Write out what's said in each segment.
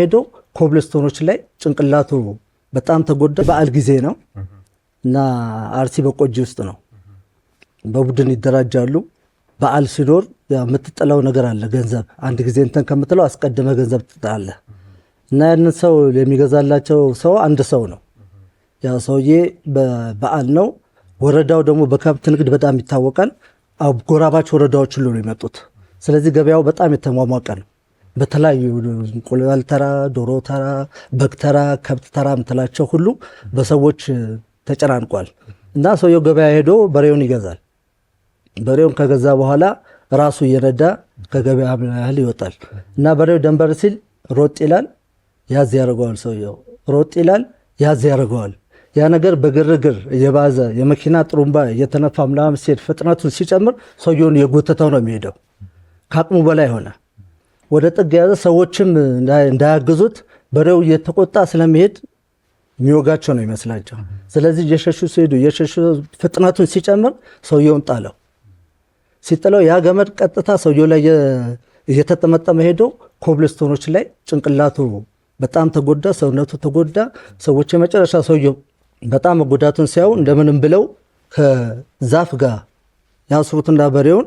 ሄዶ ኮብልስቶኖች ላይ ጭንቅላቱ በጣም ተጎዳ። በዓል ጊዜ ነው እና አርሲ በቆጂ ውስጥ ነው። በቡድን ይደራጃሉ። በዓል ሲኖር የምትጥለው ነገር አለ ገንዘብ። አንድ ጊዜ እንትን ከምትለው አስቀድመ ገንዘብ ትጠላለ እና ያንን ሰው የሚገዛላቸው ሰው አንድ ሰው ነው። ያው ሰውዬ በበዓል ነው። ወረዳው ደግሞ በከብት ንግድ በጣም ይታወቃል። አጎራባች ወረዳዎች ሁሉ ነው የመጡት። ስለዚህ ገበያው በጣም የተሟሟቀ ነው። በተለያዩ እንቁላል ተራ፣ ዶሮ ተራ፣ በግ ተራ፣ ከብት ተራ የምትላቸው ሁሉ በሰዎች ተጨናንቋል እና ሰውየው ገበያ ሄዶ በሬውን ይገዛል። በሬውን ከገዛ በኋላ ራሱ እየነዳ ከገበያ ያህል ይወጣል እና በሬው ደንበር ሲል ሮጥ ይላል፣ ያዝ ያደርገዋል። ሰውየው ሮጥ ይላል፣ ያዝ ያደርገዋል። ያ ነገር በግርግር እየባዘ የመኪና ጥሩምባ እየተነፋ ምናምን ሲሄድ ፍጥነቱን ሲጨምር ሰውየውን የጎተተው ነው የሚሄደው። ከአቅሙ በላይ ሆነ። ወደ ጥግ የያዘ ሰዎችም እንዳያግዙት በሬው እየተቆጣ ስለመሄድ የሚወጋቸው ነው ይመስላቸው። ስለዚህ እየሸሹ ሲሄዱ እየሸሹ ፍጥነቱን ሲጨምር ሰውየውን ጣለው። ሲጥለው ያ ገመድ ቀጥታ ሰውየው ላይ እየተጠመጠመ ሄዶ ኮብልስቶኖች ላይ ጭንቅላቱ በጣም ተጎዳ፣ ሰውነቱ ተጎዳ። ሰዎች የመጨረሻ ሰውየው በጣም መጎዳቱን ሲያዩ እንደምንም ብለው ከዛፍ ጋር ያስሩትና በሬውን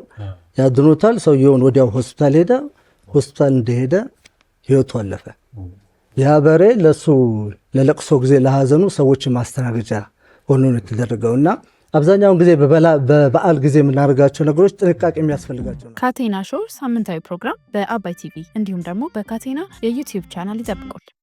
ያድኑታል። ሰውየውን ወዲያው ሆስፒታል ሄደ። ሆስፒታል እንደሄደ ህይወቱ አለፈ። ያ በሬ ለሱ ለለቅሶ ጊዜ ለሀዘኑ ሰዎች ማስተናገጃ ሆኖ ነው የተደረገው እና አብዛኛውን ጊዜ በበዓል ጊዜ የምናደርጋቸው ነገሮች ጥንቃቄ የሚያስፈልጋቸው ነው። ካቴና ሾው ሳምንታዊ ፕሮግራም በአባይ ቲቪ እንዲሁም ደግሞ በካቴና የዩቲዩብ ቻናል ይጠብቃል።